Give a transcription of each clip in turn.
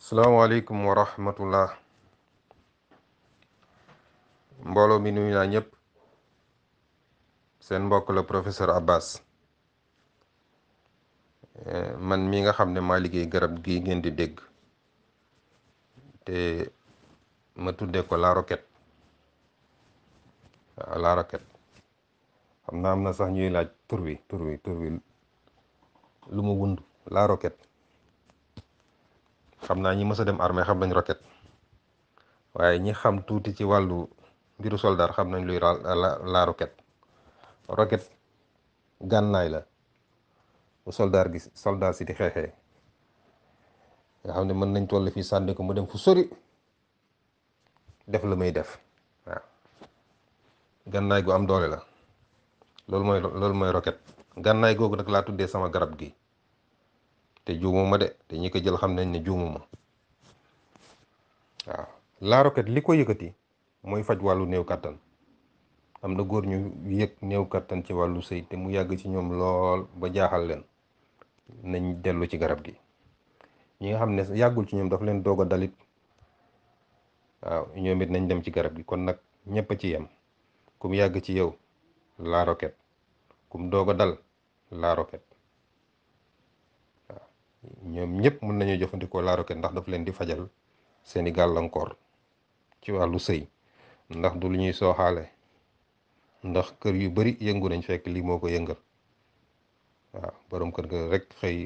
salaamaaleykum wa rahmatullah mbooloo mi nuyu naa ñëpp seen mbokk la professeur Abbas eh, man mi nga xam ne maa liggéey garab gi ngeen di dégg te ma tuddee ko la roquette waaw ah, la roquette xam na am na sax ñuy laaj tur wi tur wi lu mu wund la roquette xam naa ñi mës a dem armée xam nañ roquette waaye ñi xam tuuti ci wàllu mbiru soldat xam nañ luy la roquette roquette gànnaay la bu soldat gi soldat si di xeexee nga xam ne mën nañ toll fii sànni ko mu dem fu sori def la may def waaw gànnaay gu am doole la loolu mooy loolu mooy roquette gànnaay googu nag laa tuddee sama garab gi te ma de te ñi ko jël xam nañ ne juumuma waaw La Roquette li ko yëkkati mooy faj wàllu néew kàttan am na góor ñu yëg néew kàttan ci wàllu sëy te mu yàgg ci ñoom lool ba jaaxal leen nañ dellu ci garab gi ñi nga xam ne yàggul ci ñoom daf leen doog a dalit waaw ñoom it nañ dem ci garab gi kon nag ñëpp a ci yem kum yàgg ci yow laa Roquette kum doog a dal La Roquette ñoom ñëpp mën nañoo jëfandikoo la roquette ndax daf leen di fajal seeni gàllankoor ci wàllu sëy ndax du lu ñuy sooxaale ndax kër yu bari yëngu nañ fekk lii moo ko yëngal waaw boroom kër ga rek xëy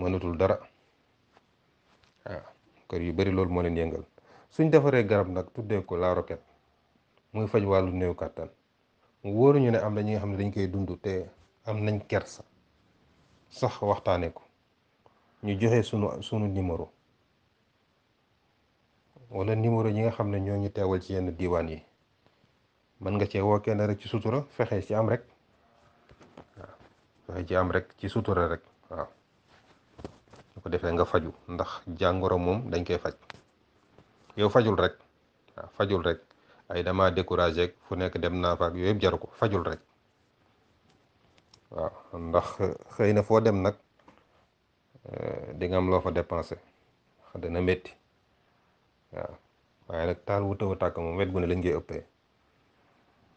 mënatul dara waaw kër yu bari loolu moo leen yëngal suñ defaree garab nag tuddee ko la roquette muy faj wàllu néew kàttan mu wóoruñu ne am na ñi nga xam ne dañ koy dund te am nañ kersa sax waxtaanee ko ñu joxe sunu sunu numéro wala numéro yi nga xam ne ñoo ñu teewal ci yenn diwaan yi mën nga cee woo kenn rek ci sutura fexe ci am rek waaw ci rek ci sutura rek waaw su ko defee nga faju ndax jàngoro moom dañ koy faj yow fajul rek fajul rek ay dama découragé fu nekk dem naa fa ak yëpp jaru ko fajul rek. waaw ndax xëy na foo dem nag eh, di nga am loo fa dépensé xa dana métti waaw waaye nag taal wu taw a tàkk moom wet gu ne lañ koy ëppee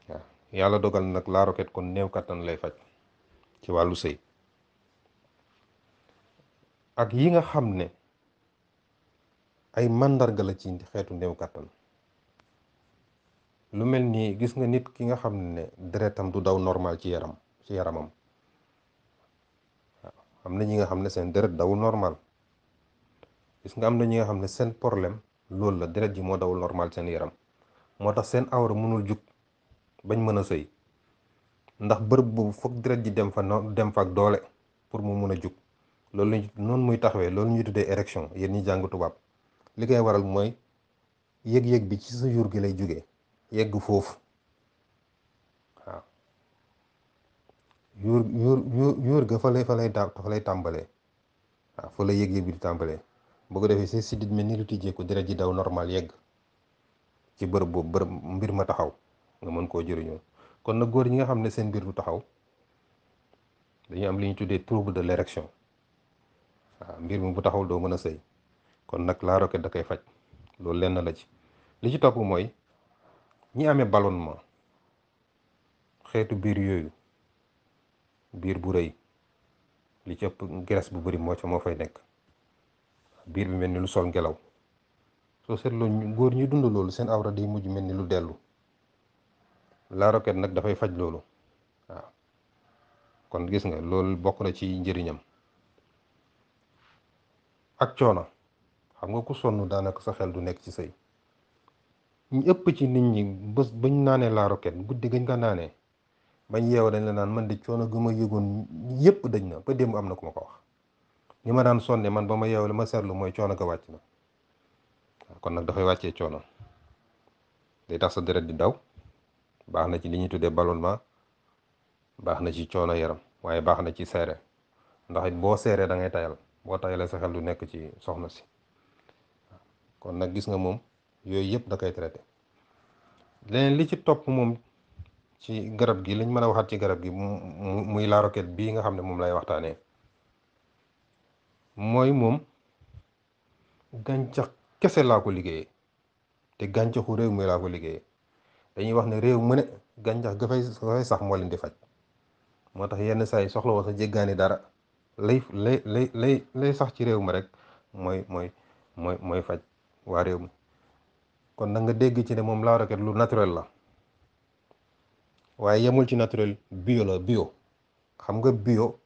waaw yàlla dogal nag la roquette kon néew kattan lay faj ci wàllu sëy ak yi nga xam ne ay màndarga la ci xeetu néew kattan lu mel nii gis nga nit ki nga xam ne deretam du daw normal ci yaram ci yaramam am na ñi nga xam ne seen deret dawul normal gis nga am na ñi nga xam ne seen problème loolu la deret ji moo dawul normal seen yaram moo tax seen awra mënul jug bañ mën a soy ndax bërëb boobu foog deret ji dem fa dem fa ak doole pour mu mun a jug loolu noonu muy taxawee loolu ñuy tuddee érection yéen ñi jàng tubaab li koy waral mooy yëg-yëg bi ci sa jur gi lay jóge yegg foofu yuur yuur yuur yuur ga fa lay fa lay daal fa lay tàmbalee waaw fa la yëg-yëg bi di tàmbalee boo ko defee si sidit mel ni lu tijjee ko deret ji daw normal yegg ci bërëb boobu bërëb mbir ma taxaw nga mën koo jëriñoo kon nag góor ñi nga xam ne seen mbir du taxaw dañu am li ñu tuddee trouble de l'érection waaw mbir mi bu taxaw doo mën a sëy kon nag la roquette da koy faj loolu lenn la ci li ci topp mooy ñi amee ballonnement xeetu biir yooyu biir bu rëy li ci ëpp graisse bu bari moo ca moo fay nekk biir bi mel ni lu sol ngelaw soo seetloo góor ñi dund loolu seen awra day mujj mel ni lu dellu laa roquette nag dafay faj loolu waaw kon gis nga loolu bokk na ci njëriñam ak coono xam nga ku sonn daanaka sa xel du nekk ci sëy ñu ëpp ci nit ñi bés bañ naanee laa roquette guddi gañ ko naanee bañ yeewu dañ la naan man di coono gu ma yëgoon yëpp dañ na ba démb am na ku ma ko wax ni ma daan sonne man ba ma yeewu li ma seetlu mooy coono ko wàcc na kon nag dafay wàccee coono day tax sa deret di daw baax na ci li ñuy tuddee ballonnement baax na ci coono yaram waaye baax na ci seere ndax it boo seeree da ngay tayal boo tayalee sa xel du nekk ci soxna si kon nag gis nga moom yooyu yëpp da koy traité leneen li ci topp moom ci garab gi lañ mën a waxaat ci garab gi mu muy laa roquette bii nga xam ne moom lay waxtaanee mooy moom gàncax kese laa ko liggéeyee te gàncaxu réew mi laa ko liggéeyee dañuy wax ne réew mu ne gàncax ga fay sax moo leen di faj moo tax yenn saa yi soxla woo sa jéggaani dara lay lay lay lay lay sax ci réew mi rek mooy mooy mooy mooy faj waa réew mi kon na nga dégg ci ne moom laa roquette lu naturel la waaye yemul ci naturel bio la bio xam nga bio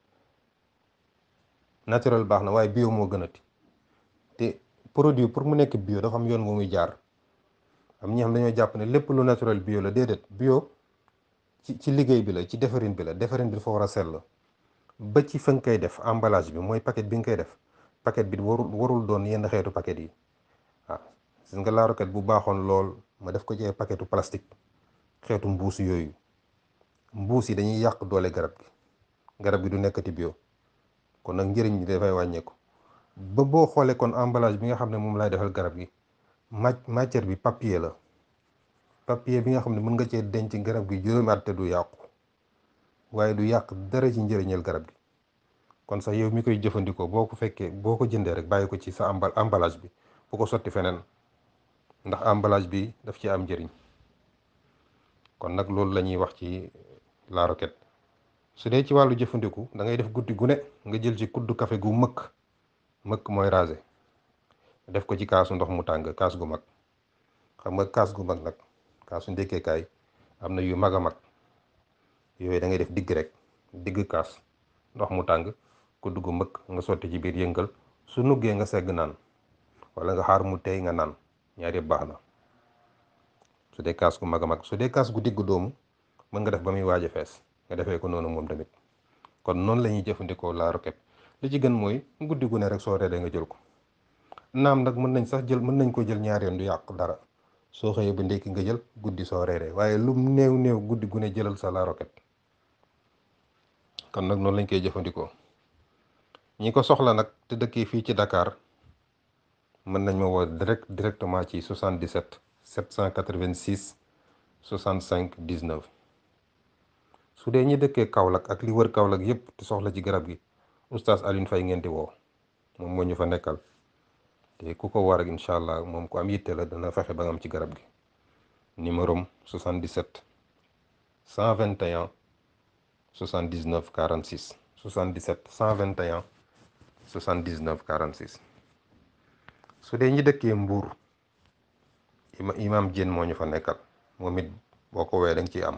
naturel baax na waaye bio moo gënati te produit pour mu nekk bio dafa xam yoon wu muy jaar am ñi xam dañoo jàpp ne lépp lu naturel bio la déedéet bio ci ci liggéey bi la ci defarin bi la defarin bi dafa war a la ba ci fa nga koy def emballage bi mooy paquet bi nga koy def paquet bi warul warul doon yenn xeetu paquet yi waaw gis nga laarokat bu baaxoon lool ma def ko ci paketu paquetu xeetu mbuus yooyu mbuus yi dañuy yàq doole garab gi garab gi du nekkati bio kon nag njëriñ bi dafay wàññeeku ba boo xoolee kon emballage bi nga xam ne moom laay defal garab gi matière bi papier la papier bi nga xam ne mën nga cee denc garab gi juróomi at te du yàqu waaye du yàq dara ci njëriñal garab gi kon sax yow mi koy jëfandikoo boo ko fekkee boo ko jëndee rek bàyyi ko ci sa embalage bi bu ko sotti feneen ndax embalage bi daf ci am njëriñ kon nag loolu la wax ci. la roquette su dee ci wàllu jëfandiku da ngay def guddi gune nga jël ci kuddu café gu mëkk mëkk mooy rasé def ko ci kaasu ndox mu tàng kaas gu mag xam nga kaas gu mag nag kaasu ndékkeekaay am na yu mag a mag yooyu da def digg rek digg kaas ndox mu tàng kudd gu mëkk nga sotti ci biir yëngal su nuggee nga segg naan wala nga xaar mu tey nga naan ñaari baax na su dee kaas gu mag a mag su dee kaas gu digg doomu mën nga def ba muy waaj a fees nga defee ko noonu moom tamit kon noonu la ñuy jëfandikoo la roquette li ci gën mooy guddi gune rek soo reeree nga jël ko naam nag mën nañ sax jël mën nañ ko jël ñaari yoon du yàq dara soo xëyee ba ndékki nga jël guddi soo reeree waaye lu néew néew guddi gune jëlal sa la roquette kon nag noonu lañ koy jëfandikoo ñi ko soxla nag te dëkkee fii ci dakaar mën nañ ma woo direct directement ci 77 786 65 19 su dee ñi dëkkee Kaolack ak li wër Kaolack yépp soxla ci garab gi oustaz Alioune fay ngeen di woo moom moo ñu fa nekkal te ku ko war ak incha allah moom ku am yitte la dana fexe ba nga am ci garab gi numéro 77 121 79 46 77 121 79 46 su dee ñi dëkkee Mbour imam Diène moo ñu fa nekkal moom it boo ko wooyee da nga ciy am.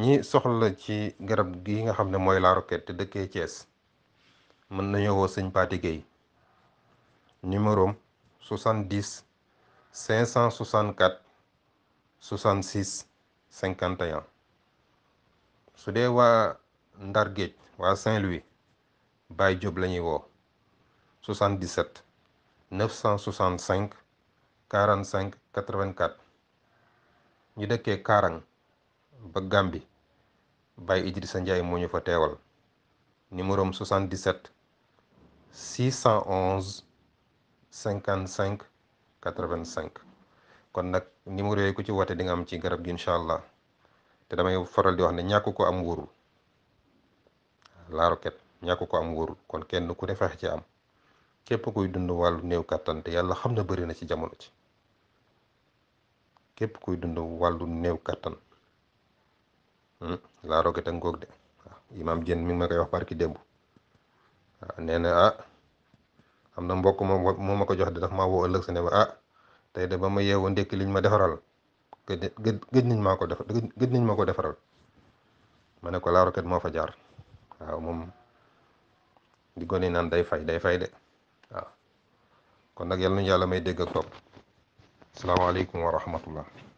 ñi soxla ci garab gi nga xam ne mooy la roquette te dëkkee Thiès mën nañoo woo sëñ Pathé Gueye numéro am 70 564 66 51 su dee waa Ndar Géej waa Saint-Louis Baye Diop la ñuy woo 77 965 45 84 ñu dëkkee Kaarang ba Gàmbi Baye sa Ndiaye moo ñu fa teewal numéro am 77 611 55 85 kon nag numéro yooyu ku ci woote di nga am ci garab gi incha allah te damay faral di wax ne ñàkk ko am wóorul la ñàkk ko am wóorul kon kenn ku ne ci am képp kuy dund wàllu néew kàttan te yàlla xam na bëri na ci jamono ci képp kuy dund wàllu néew kàttan Hmm? laa roge tàngoog de waaw imaam jën mi ma koy wax barki démb waaw nee na ah am na mbokk moom moo ma ko jox de daf maa woo ëllëg sa ne ba a tey de ba ma yeewoo ndékki liñ ma defaral gëj gëj nañ maa ko def nañ ma ko defaral ma ne ko laa roket moo fa jaar waaw moom di gone naan day fay day fay de waaw kon nag yal nañu yàlla may dégg ak topp salaamaaleykum wa rahmatullah